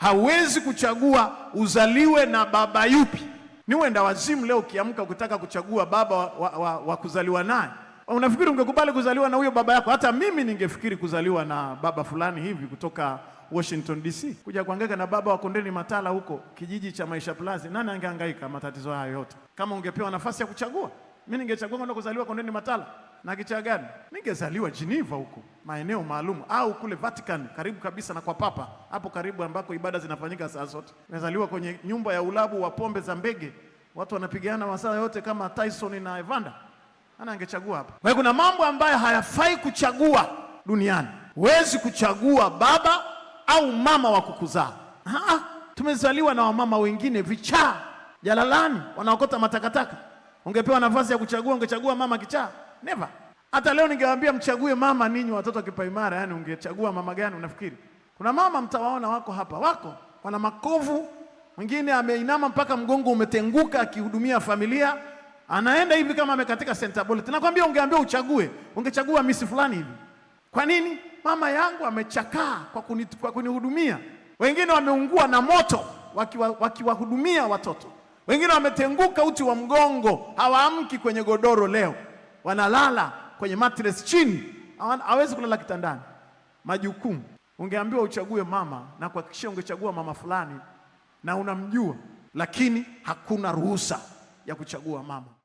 Hawezi kuchagua uzaliwe na baba yupi. Ni wenda wazimu. Leo ukiamka ukitaka kuchagua baba wa, wa, wa, wa kuzaliwa naye, unafikiri ungekubali kuzaliwa na huyo baba yako? Hata mimi ningefikiri kuzaliwa na baba fulani hivi kutoka Washington DC kuja kuangaika na baba wa Kondeni Matala huko kijiji cha Maisha Plaza. Nani angehangaika matatizo hayo yote kama ungepewa nafasi ya kuchagua? Mimi ningechagua kwenda kuzaliwa Kondeni Matala na kichaa gani? Ningezaliwa Geneva huko maeneo maalum, au kule Vatican karibu kabisa na kwa papa hapo karibu, ambako ibada zinafanyika saa zote. Nimezaliwa kwenye nyumba ya ulabu wa pombe za mbege, watu wanapigana masaa yote kama Tyson na Evander. Ana angechagua hapa. Kwa hiyo kuna mambo ambayo hayafai kuchagua duniani. Huwezi kuchagua baba au mama wa kukuzaa. Tumezaliwa na wamama wengine vichaa, jalalani, wanaokota matakataka. Ungepewa nafasi ya kuchagua, ungechagua mama kichaa? Never. Hata leo ningewaambia mchague mama ninyi watoto wa kipaimara, yani ungechagua mama gani unafikiri? Kuna mama mtawaona wako hapa, wako wana makovu, mwingine ameinama mpaka mgongo umetenguka akihudumia familia, anaenda hivi kama amekatika center bullet. Nakwambia ungeambia uchague, ungechagua misi fulani hivi. Kwa nini? Mama yangu amechakaa kwa kuni, kwa kunihudumia. Wengine wameungua na moto wakiwahudumia waki watoto, wengine wametenguka uti wa mgongo, hawaamki kwenye godoro leo, wanalala kwenye mattress chini, hawezi kulala kitandani. Majukumu. Ungeambiwa uchague mama na kuhakikisha ungechagua mama fulani na unamjua, lakini hakuna ruhusa ya kuchagua mama.